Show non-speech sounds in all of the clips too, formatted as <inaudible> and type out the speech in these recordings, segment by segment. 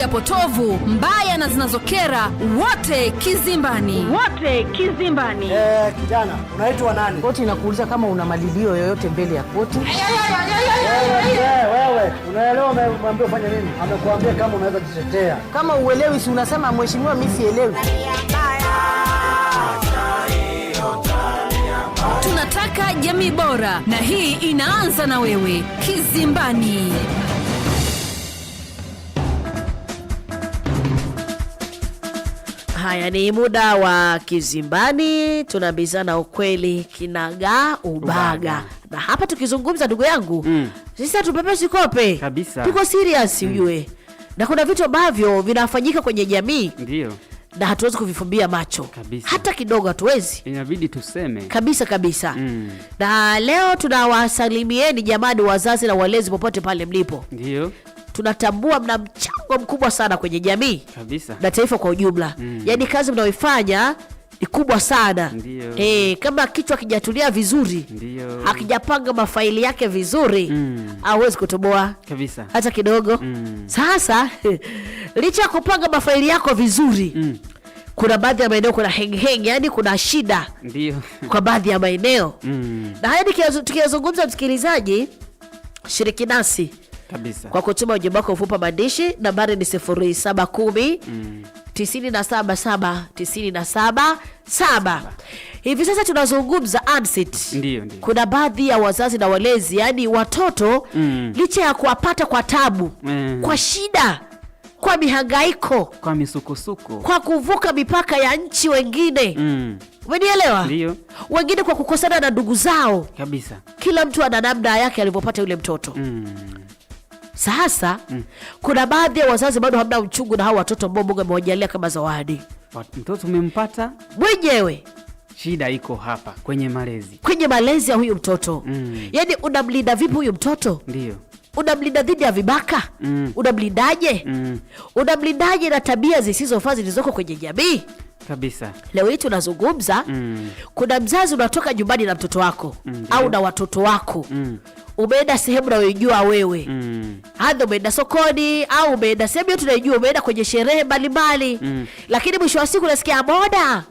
ya potovu mbaya na zinazokera wote kizimbani, wote kizimbani. Eh, kijana unaitwa nani? Koti inakuuliza kama una malilio yoyote mbele ya koti. Wewe unaelewa umeambiwa fanya nini? Amekuambia kama unaweza jitetea. Kama uelewi, si unasema mheshimiwa, mimi sielewi. Tunataka jamii bora, na hii inaanza na wewe. Kizimbani. Haya ni muda wa Kizimbani, tunaambizana ukweli kinagaa ubaga. na hapa tukizungumza, ndugu yangu mm. Sisi hatupepe sikope kabisa, tuko serious mm. ujue mm. Na kuna vitu ambavyo vinafanyika kwenye jamii ndio na hatuwezi kuvifumbia macho kabisa. Hata kidogo hatuwezi, inabidi tuseme kabisa kabisa mm. Na leo tunawasalimieni jamani, wazazi na walezi popote pale mlipo, ndio tunatambua mna mchango mkubwa sana kwenye jamii kabisa na taifa kwa ujumla mm. Yaani kazi mnayoifanya ni kubwa sana e, kama kichwa akijatulia vizuri akijapanga mafaili yake vizuri mm. auwezi kutoboa kabisa hata kidogo mm. Sasa <laughs> licha ya kupanga mafaili yako vizuri mm. Kuna baadhi ya maeneo kuna hengehenge, yani kuna shida Ndiyo. <laughs> kwa baadhi ya maeneo mm. na haya tukiyazungumza, msikilizaji, shiriki nasi kabisa. Kwa kutuma ujumbe wako ufupa maandishi, nambari ni 0710 mm. 977 Hivi sasa tunazungumza ANSET. ndio Kuna baadhi ya wazazi na walezi, yaani watoto mm. licha ya kuwapata kwa tabu mm. kwa shida kwa mihangaiko kwa misukosuko kwa kuvuka mipaka ya nchi wengine mm. Umenielewa? Ndio. Wengine kwa kukosana na ndugu zao kabisa. Kila mtu ana namna yake alivyopata yule mtoto mm. Sasa mm. kuna baadhi ya wazazi bado hamna uchungu na hao watoto ambao Mungu amewajalia kama zawadi. Mtoto umempata mwenyewe, shida iko hapa kwenye malezi, kwenye malezi ya huyu mtoto mm. Yaani unamlinda vipi huyu mtoto? Ndio Unamlinda dhidi ya vibaka mm. Unamlindaje mm. Unamlindaje na tabia zisizofaa zilizoko kwenye jamii kabisa. Leo hii tunazungumza mm. Kuna mzazi unatoka nyumbani na mtoto wako mm. au na watoto wako mm. Umeenda sehemu nayoijua wewe mm. hadha, umeenda sokoni au umeenda sehemu yote unaijua, umeenda kwenye sherehe mbalimbali mm. Lakini mwisho wa siku unasikia moda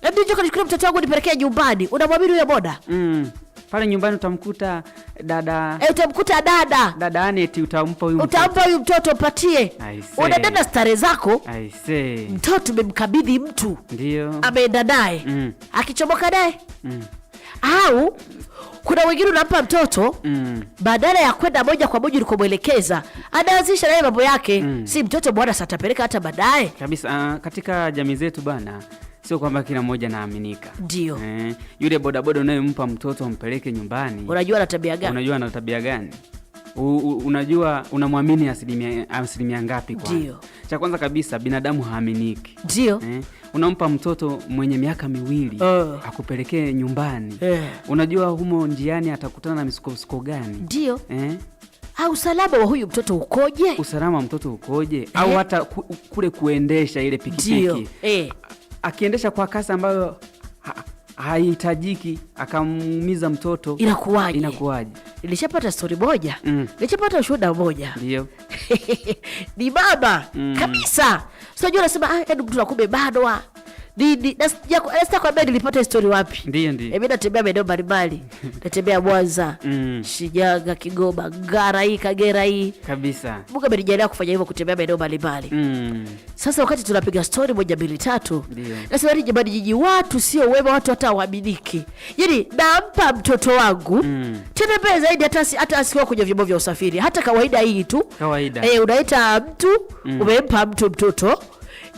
hebu njoo kanichukulie mtoto wangu nipelekee nyumbani. Unamwamini huyo boda mm pale nyumbani utamkuta dada e, utamkuta dada dada Aneti, utampa huyu utampa huyu mtoto upatie, Una dada stare zako, mtoto umemkabidhi mtu, ndio ameenda naye mm. akichomoka naye mm. au kuna wengine unampa mtoto mm. badala ya kwenda moja kwa moja ulikomwelekeza, anaanzisha naye mambo yake mm. si mtoto bwana, satapeleka hata baadaye kabisa. Uh, katika jamii zetu bana sio kwamba kila mmoja anaaminika. Ndio. Eh, yule bodaboda unayempa mtoto ampeleke nyumbani, unajua ana tabia gani? Unajua ana tabia gani? U, u, unajua unamwamini asilimia asilimia ngapi? Kwa cha kwanza kabisa binadamu haaminiki. Ndio. Eh, unampa mtoto mwenye miaka miwili uh, akupelekee nyumbani eh, unajua humo njiani atakutana na misukosuko gani? Ndio. Eh, au usalama wa huyu mtoto ukoje? Usalama wa mtoto ukoje? Eh, au hata kule kuendesha ile pikipiki eh, akiendesha kwa kasi ambayo haihitajiki akamuumiza mtoto, inakuwaje? Inakuwaje? Nilishapata stori moja, mm. nilishapata mm. ushuhuda moja, ndio <laughs> ni baba mm. kabisa. Sijui so, nasema ah, ndugu yaani tuna bado Didi sijakwambia eh, nilipata historia wapi? Eh, natembea maeneo mbalimbali, <laughs> natembea Mwanza, mm. Shinyanga, Kigoma, Ngara hii, Kagera hii kabisa. Mungu amenijalia kufanya hivyo, kutembea maeneo mbalimbali mm. Sasa wakati tunapiga story moja mbili tatu, nasema jamani, jiji watu sio wema, watu hata waaminiki. Yaani nampa mtoto wangu mm. tena mbele zaidi, hata hata asikiwa kwenye vyombo vya usafiri, hata kawaida hii tu kawaida. Eh, unaita mtu mm. umempa mtu mtoto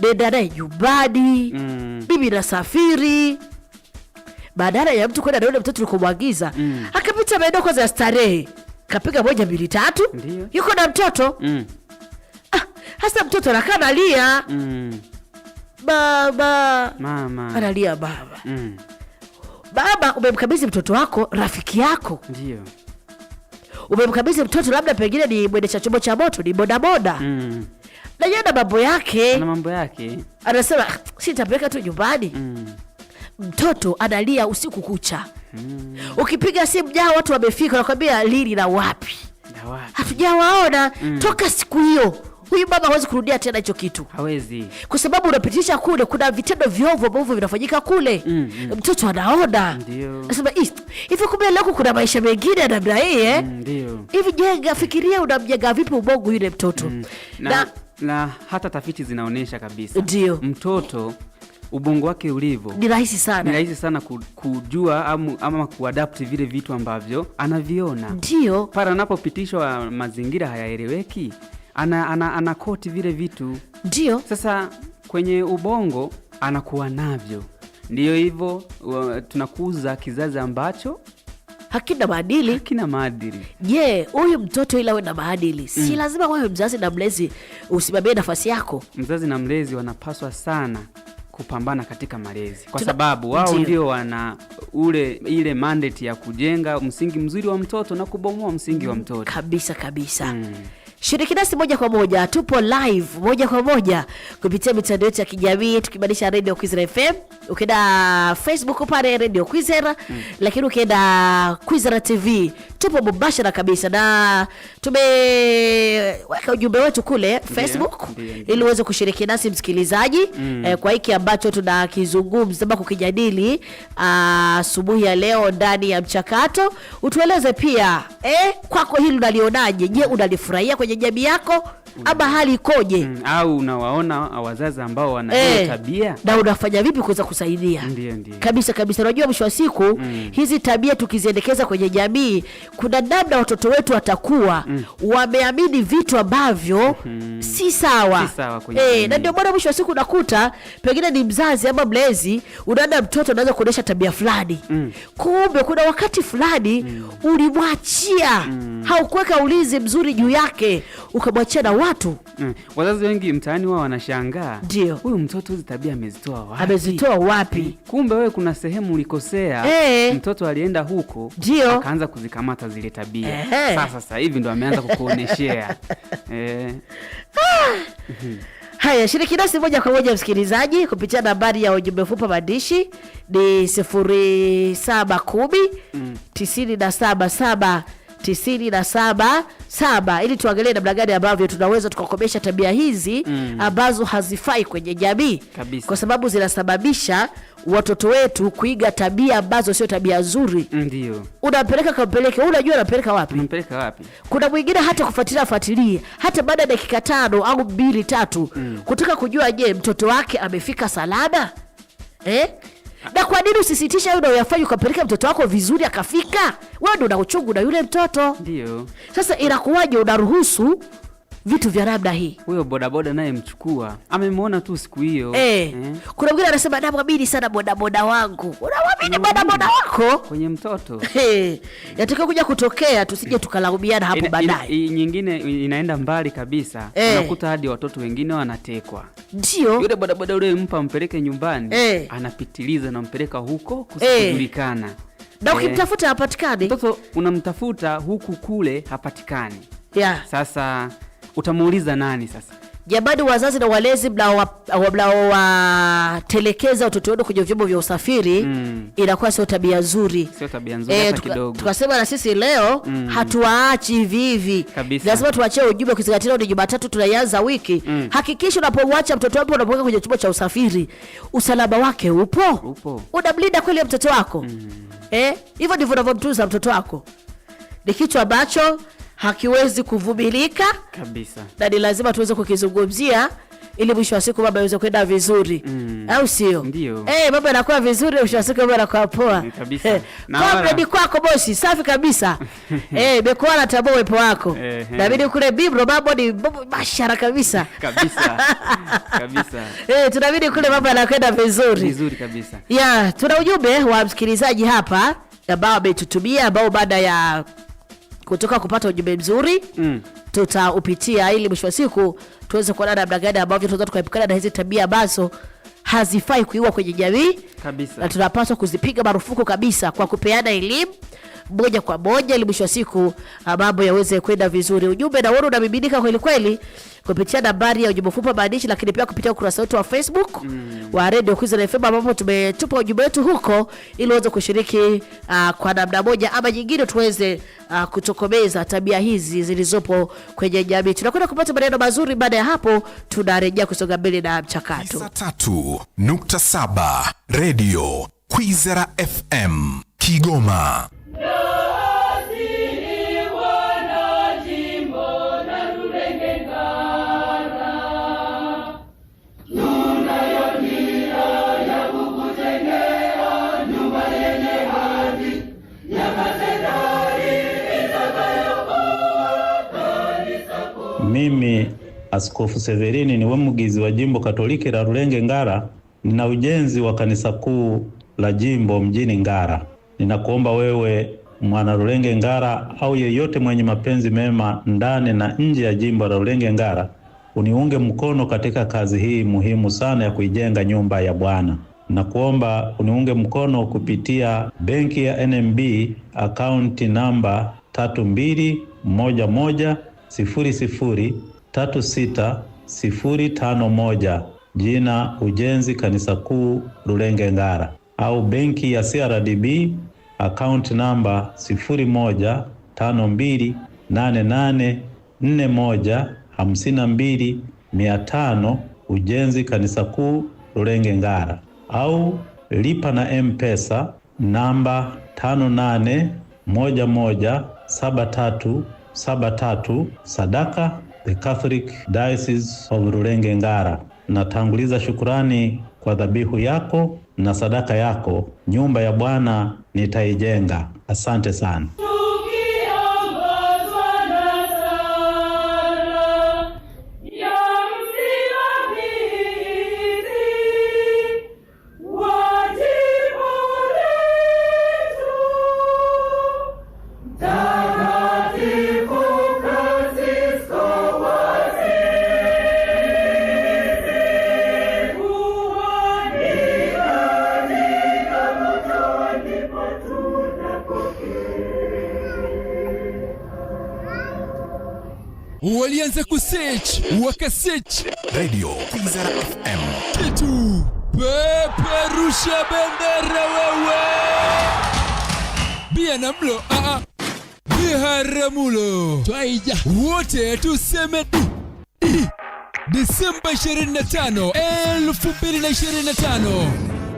dedada yubadi nyumbani mm. mimi nasafiri badara ya mtu kwenda naule mtoto ulikomwagiza mm. akapita maeneo kwanza ya starehe, kapiga moja mbili tatu, yuko na mtoto mm. ah, hasa mtoto anakaa nalia mm. baba mama analia baba mm. baba, umemkabizi mtoto wako rafiki yako, Ndiyo. umemkabizi mtoto, labda pengine ni mwendesha chombo cha moto, ni bodaboda mm na yeye na mambo yake na mambo yake, anasema sitapeleka tu nyumbani mm. Mtoto analia usiku kucha mm. Ukipiga simu jao, watu wamefika, nakwambia lili na wapi, hatujawaona mm. Toka siku hiyo huyu baba hawezi kurudia tena hicho kitu, hawezi, kwa sababu unapitisha kule, kuna vitendo viovu ambavyo vinafanyika kule mm, mm. Mtoto anaona nasema hivi, kumbe leo kuna maisha mengine ya namna hii eh? Mm, ndio hivi, jenga fikiria, unamjenga vipi ubongo yule mtoto mm. na, na na hata tafiti zinaonyesha kabisa, ndio mtoto ubongo wake ulivyo ni rahisi sana, ni rahisi sana kujua ama, ama kuadapti vile vitu ambavyo anaviona. Ndio pale anapopitishwa mazingira hayaeleweki, ana, ana, ana koti vile vitu. Ndio sasa kwenye ubongo anakuwa navyo, ndiyo hivyo tunakuza kizazi ambacho hakina maadili, hakina maadili. Je, yeah, huyu mtoto ila awe na maadili si mm. lazima wewe mzazi na mlezi usimamie nafasi yako. Mzazi na mlezi wanapaswa sana kupambana katika malezi kwa Tuna, sababu wao ndio wana ule ile mandate ya kujenga msingi mzuri wa mtoto na kubomoa msingi mm, wa mtoto kabisa kabisa mm. Shiriki nasi moja kwa moja, tupo live moja kwa moja kupitia mitandao yetu ya kijamii tukibadilisha Radio Kwizera FM. Ukienda Facebook pale Radio Kwizera mm. Lakini ukienda Kwizera TV tupo mubashara kabisa na tumeweka ujumbe wetu kule Facebook ili uweze kushiriki nasi msikilizaji, mm. eh, kwa hiki ambacho tunakizungumza ama kukijadili ah, asubuhi ya leo ndani ya mchakato, utueleze pia eh, kwako hili unalionaje? Je, unalifurahia kwenye jamii yako? aba hali ikoje? Mm, au unawaona wazazi ambao wana e, eh, tabia na unafanya vipi kuweza kusaidia? Ndiyo, ndiyo. Kabisa kabisa, unajua mwisho wa siku mm. hizi tabia tukiziendekeza kwenye jamii, kuna namna watoto wetu watakuwa mm. wameamini vitu ambavyo mm. si sawa, si sawa e, na ndio maana mwisho wa siku unakuta pengine ni mzazi ama mlezi, unaona mtoto anaanza kuonyesha tabia fulani mm. kumbe kuna wakati fulani mm. ulimwachia mm. haukuweka ulinzi mzuri juu yake ukamwachia na watu mm. Wazazi wengi mtaani wao wanashangaa, ndio huyu mtoto hizi tabia amezitoa wapi? Amezitoa wapi? Kumbe wewe kuna sehemu ulikosea. Hey. Eh. Mtoto alienda huko ndio akaanza kuzikamata zile tabia. Hey. Sasa sasa hivi ndo ameanza kukuoneshea <laughs> eh. Ah. Haya, shiriki nasi moja kwa moja msikilizaji, kupitia nambari ya ujumbe fupa maandishi ni sifuri saba kumi mm. tisini na saba saba tisini na saba saba ili tuangalie namna gani ambavyo tunaweza tukakomesha tabia hizi mm. ambazo hazifai kwenye jamii kwa sababu zinasababisha watoto wetu kuiga tabia ambazo sio tabia nzuri. Ndio unampeleka kampeleke, unajua unampeleka wapi, unampeleka wapi. Kuna mwingine hata kufuatilia fuatilie hata baada ya dakika tano au mbili tatu mm. kutaka kujua, je, mtoto wake amefika salama eh? Na kwa nini usisitisha yule unayofanya ukapeleka mtoto wako vizuri akafika? Wewe ndio una uchungu na yule mtoto. Ndio. Sasa inakuwaje unaruhusu vitu vya labda hii. Huyo bodaboda naye mchukua, amemwona tu siku hiyo e. e. kuna mwingine anasema namwamini sana bodaboda wangu. Unamwamini bodaboda wako kwenye mtoto <laughs> eh, yatakiwa kuja kutokea, tusije tukalaumiana hapo baadaye. Nyingine inaenda mbali kabisa e. unakuta hadi watoto wengine wanatekwa. Ndio yule bodaboda yule mpa mpeleke nyumbani e. anapitiliza nampeleka huko kusikujulikana e Na ukimtafuta hapatikani. Mtoto unamtafuta huku kule hapatikani. Yeah. Sasa utamuuliza nani sasa? Jabadi, wazazi na walezi mnaowatelekeza watoto wenu kwenye vyombo vya usafiri mm. inakuwa sio tabia nzuri, sio tabia nzuri eh, hata kidogo. Tukasema na sisi leo mm. hatuwaachi hivi hivi, lazima tuachie ujumbe, kuzingatia leo ni Jumatatu, tunaianza wiki mm. hakikisha unapomwacha mtoto wako, unapoweka kwenye chombo cha usafiri, usalama wake upo, upo. unamlinda kweli mtoto wako mm. eh, hivyo ndivyo unavyomtuza mtoto wako, ni kitu ambacho hakiwezi kuvumilika kabisa, na ni lazima tuweze kukizungumzia ili mwisho wa siku baba iweze kwenda vizuri mm. au sio? Ndio. Eh, hey, baba anakuwa vizuri, mwisho wa siku baba anakuwa poa kabisa. Hey, eh, ni kwako bosi, safi kabisa <laughs> eh, beko na tabua uwepo wako eh, na mimi kule bibro babo ni bashara kabisa kabisa <laughs> kabisa eh hey, tunabidi kule baba anakwenda vizuri vizuri kabisa. ya Yeah, tuna ujumbe wa msikilizaji hapa ambao ametutumia ambao baada ya kutoka kupata ujumbe mzuri mm. tutaupitia ili mwisho wa siku tuweze kuona namna gani ambavyo tunaweza tukaepukana na hizi tabia ambazo hazifai kuiwa kwenye jamii na tunapaswa kuzipiga marufuku kabisa kwa kupeana elimu moja kwa moja, ili mwisho wa siku ah, mambo yaweze kwenda vizuri. Ujumbe na wewe unabibidika kweli kweli kupitia nambari ya ujumbe mfupi maandishi, lakini pia kupitia ukurasa wetu wa Facebook mm. wa Radio Kwizera FM ambapo tumetupa ujumbe wetu huko, ili uweze kushiriki uh, kwa namna moja ama nyingine, tuweze uh, kutokomeza tabia hizi zilizopo kwenye jamii. Tunakwenda kupata maneno mazuri, baada ya hapo tunarejea kusonga mbele na mchakato. 93.7 Radio Kwizera FM Kigoma. Mimi Askofu Severini ni Wemugizi wa jimbo Katoliki la Rulenge Ngara, nina ujenzi wa kanisa kuu la jimbo mjini Ngara. Ninakuomba wewe mwana Rulenge Ngara au yeyote mwenye mapenzi mema ndani na nje ya jimbo la Rulenge Ngara uniunge mkono katika kazi hii muhimu sana ya kuijenga nyumba ya Bwana. Nakuomba uniunge mkono kupitia benki ya NMB akaunti namba tatu mbili moja moja sifuri sifuri tatu sita sifuri tano moja jina Ujenzi Kanisa Kuu Rulenge Ngara, au benki ya CRDB akaunti namba 0152884152 Ujenzi Kanisa Kuu Rulenge Ngara, au lipa na Mpesa namba 58117373 Sadaka The Catholic Diocese of Rulenge Ngara. Natanguliza shukurani kwa dhabihu yako na sadaka yako, nyumba ya Bwana nitaijenga. Asante sana. Message Radio Kiza FM kitu peperusha bendera wewe bia na mlo aa ah, ah. biharamulo twaija wote tuseme du Disemba 25 2025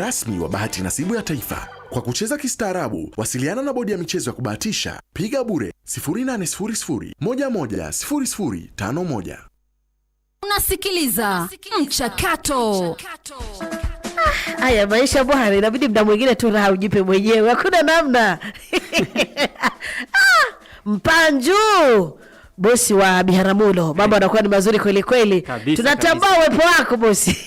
rasmi wa bahati nasibu ya taifa. Kwa kucheza kistaarabu, wasiliana na bodi ya michezo ya kubahatisha. Piga bure 0800 Unasikiliza Mchakato. Ah, aya maisha bwana, inabidi mda mwingine tu raha ujipe mwenyewe, hakuna namna. <laughs> Ah, Mpanju bosi wa Biharamulo, eh. mambo anakuwa ni mazuri kweli kweli, tunatambua uwepo wako bosi. <laughs>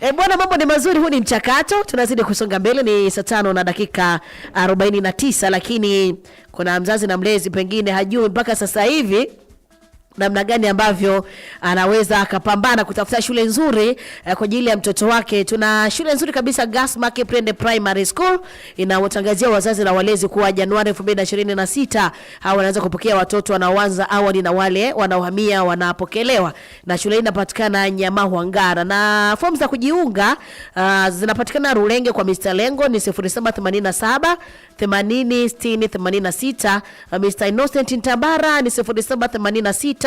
E bwana, mambo ni mazuri, huu ni mchakato, tunazidi kusonga mbele. Ni saa tano na dakika arobaini na tisa, lakini kuna mzazi na mlezi pengine hajui mpaka sasa hivi namna gani ambavyo anaweza akapambana kutafuta shule nzuri eh, kwa ajili ya mtoto wake. Tuna shule nzuri kabisa Gasmark Prende Primary School inawatangazia wazazi na walezi kuwa Januari 2026 hao wanaanza kupokea watoto wanaoanza awali na wale wanaohamia wanapokelewa, na shule hii inapatikana Nyamahwangara, na fomu za kujiunga uh, zinapatikana Rulenge kwa Mr. Lengo ni 0787 80 86 Mr. Innocent Ntabara ni 0786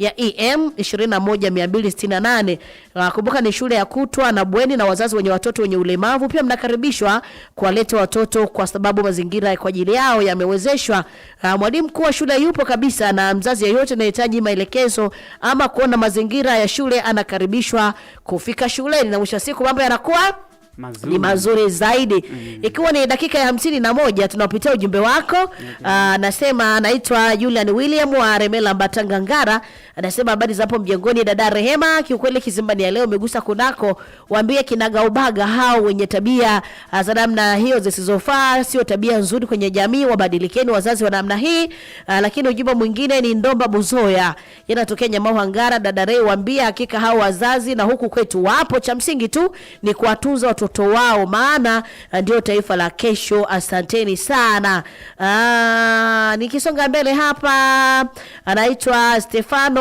ya EM 21268. Ah, kumbuka ni shule ya kutwa na bweni, na wazazi wenye watoto wenye ulemavu pia mnakaribishwa kuwaleta watoto, kwa sababu mazingira kwa ajili yao yamewezeshwa. Ah, mwalimu mkuu wa shule yupo kabisa, na mzazi yeyote anahitaji maelekezo ama kuona mazingira ya shule anakaribishwa kufika shuleni, na mwisho siku mambo yanakuwa mazuri, ni mazuri zaidi mm. Ikiwa ni dakika ya hamsini na moja tunapitia ujumbe wako okay. Mm-hmm. Aa, ah, nasema anaitwa Julian William wa Remela Mbatanga Ngara, anasema habari zapo mjengoni, dada Rehema, kiukweli kizimbani ya leo umegusa kunako, waambie kinaga ubaga hao wenye tabia ah, za namna hiyo zisizofaa, sio tabia nzuri kwenye jamii, wabadilikeni wazazi wa namna hii. Aa, ah, lakini ujumbe mwingine ni Ndomba Buzoya, yanatokea Nyamau Ngara, dada Rehema, waambie hakika hao wazazi na huku kwetu wapo, cha msingi tu ni kuwatunza watu watoto wao, maana ah, ndio taifa la kesho. Asanteni sana. Aa, ah, nikisonga mbele hapa, anaitwa Stefano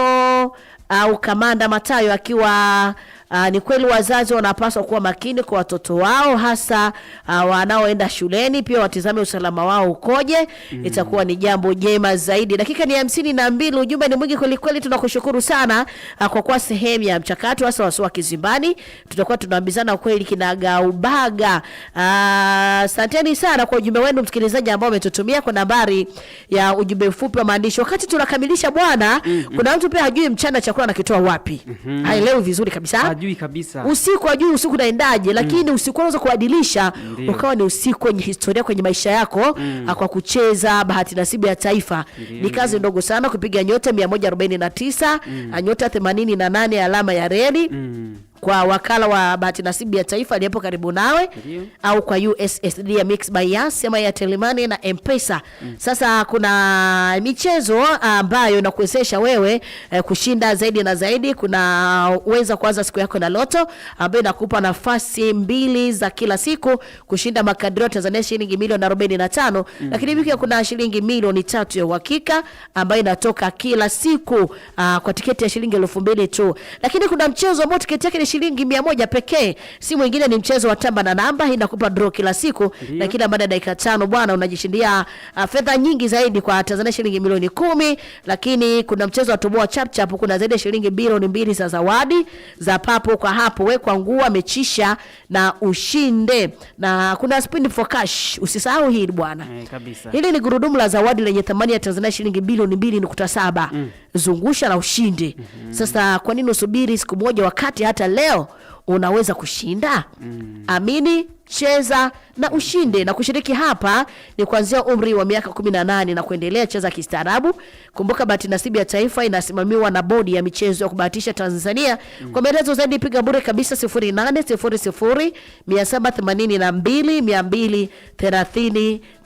au ah, Kamanda Matayo akiwa Aa, ah, ni kweli wazazi wanapaswa kuwa makini kwa watoto wao hasa uh, wanaoenda shuleni, pia watizame usalama wao ukoje. mm. Itakuwa ni jambo jema zaidi. Dakika ni hamsini na mbili. Ujumbe ni mwingi kweli kweli, tunakushukuru sana uh, kwa kuwa sehemu ya mchakato hasa wasowa kizimbani. Tutakuwa tunaambizana kweli kinagaubaga. Asanteni uh, sana kwa ujumbe wenu msikilizaji ambao umetutumia kwa nambari ya ujumbe mfupi wa maandishi. Wakati tunakamilisha bwana, mm -hmm. kuna mtu pia hajui mchana chakula anakitoa wapi. mm -hmm. Haelewi vizuri kabisa hajui kabisa. Usiku hajui usiku unaendaje, lakini mm. usiku unaweza kubadilisha ukawa ni usiku wenye historia kwenye maisha yako mm. kwa kucheza bahati nasibu ya taifa. Ndiyo. Ni kazi ndogo sana kupiga nyota 149 mm. nyota 88 alama ya reli mm kwa wakala wa bahati nasibu ya taifa aliyepo karibu nawe Ndiyo. au kwa USSD ya Mix by Yas ama ya Telemani na Mpesa mm. Sasa kuna michezo ambayo inakuwezesha wewe eh, kushinda zaidi na zaidi. Kuna uweza kwanza siku yako na loto ambayo inakupa nafasi mbili za kila siku kushinda makadirio ya Tanzania shilingi milioni 45 mm. Lakini pia kuna shilingi milioni tatu ya uhakika ambayo inatoka kila siku uh, kwa tiketi ya shilingi elfu mbili tu, lakini kuna mchezo ambao tiketi yake shilingi mia moja pekee, si mwingine ni mchezo wa tamba na namba. Inakupa draw kila siku na kila baada ya dakika tano bwana, unajishindia uh, fedha nyingi zaidi kwa Tanzania shilingi milioni kumi. Lakini kuna mchezo wa toboa chap chap, kuna zaidi ya shilingi bilioni mbili za zawadi za papo kwa hapo. Wekwa nguo mechisha na ushinde, na kuna spin for cash, usisahau hii bwana eh, kabisa. Hili ni gurudumu la zawadi lenye thamani ya Tanzania shilingi bilioni mbili saba mm. Zungusha na ushinde mm -hmm. Sasa kwa nini usubiri siku moja wakati hata leo unaweza kushinda mm. Amini, cheza na mm. ushinde. Na kushiriki hapa ni kuanzia umri wa miaka 18 na kuendelea, cheza kistaarabu. Kumbuka bahati nasibu ya taifa inasimamiwa na bodi ya michezo ya kubahatisha Tanzania mm. Kwa maelezo zaidi piga bure kabisa 0800 782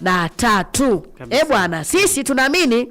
233. Eh bwana, sisi tunaamini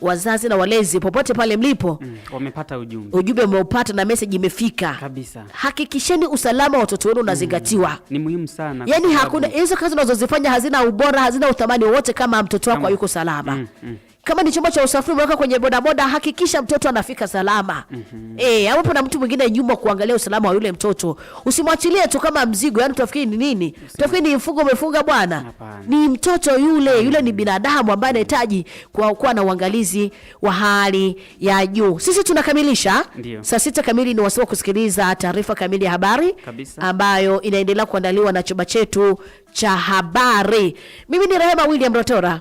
wazazi na walezi popote pale mlipo, mm, wamepata ujumbe, ujumbe umeupata na meseji imefika kabisa. Hakikisheni usalama wa watoto wenu unazingatiwa, mm, ni muhimu sana, Yani hakuna hizo kazi unazozifanya hazina ubora, hazina uthamani wowote kama mtoto wako hayuko salama, mm, mm. Kama ni chombo cha usafiri umeweka kwenye bodaboda, hakikisha mtoto anafika salama. mm -hmm. Eh, hapo na mtu mwingine nyuma kuangalia usalama wa yule mtoto, usimwachilie tu kama mzigo. Yani tuafikiri ni nini? Tuafikiri ni mfugo umefunga bwana, ni mtoto yule yule, ni binadamu ambaye anahitaji kuwa, kuwa na uangalizi wa hali ya juu. Sisi tunakamilisha saa sita kamili, ni wasaa kusikiliza taarifa kamili ya habari kabisa, ambayo inaendelea kuandaliwa na chumba chetu cha habari. Mimi ni Rehema William Rotora.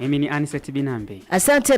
Mimi ni Aniset Binambe. Asante.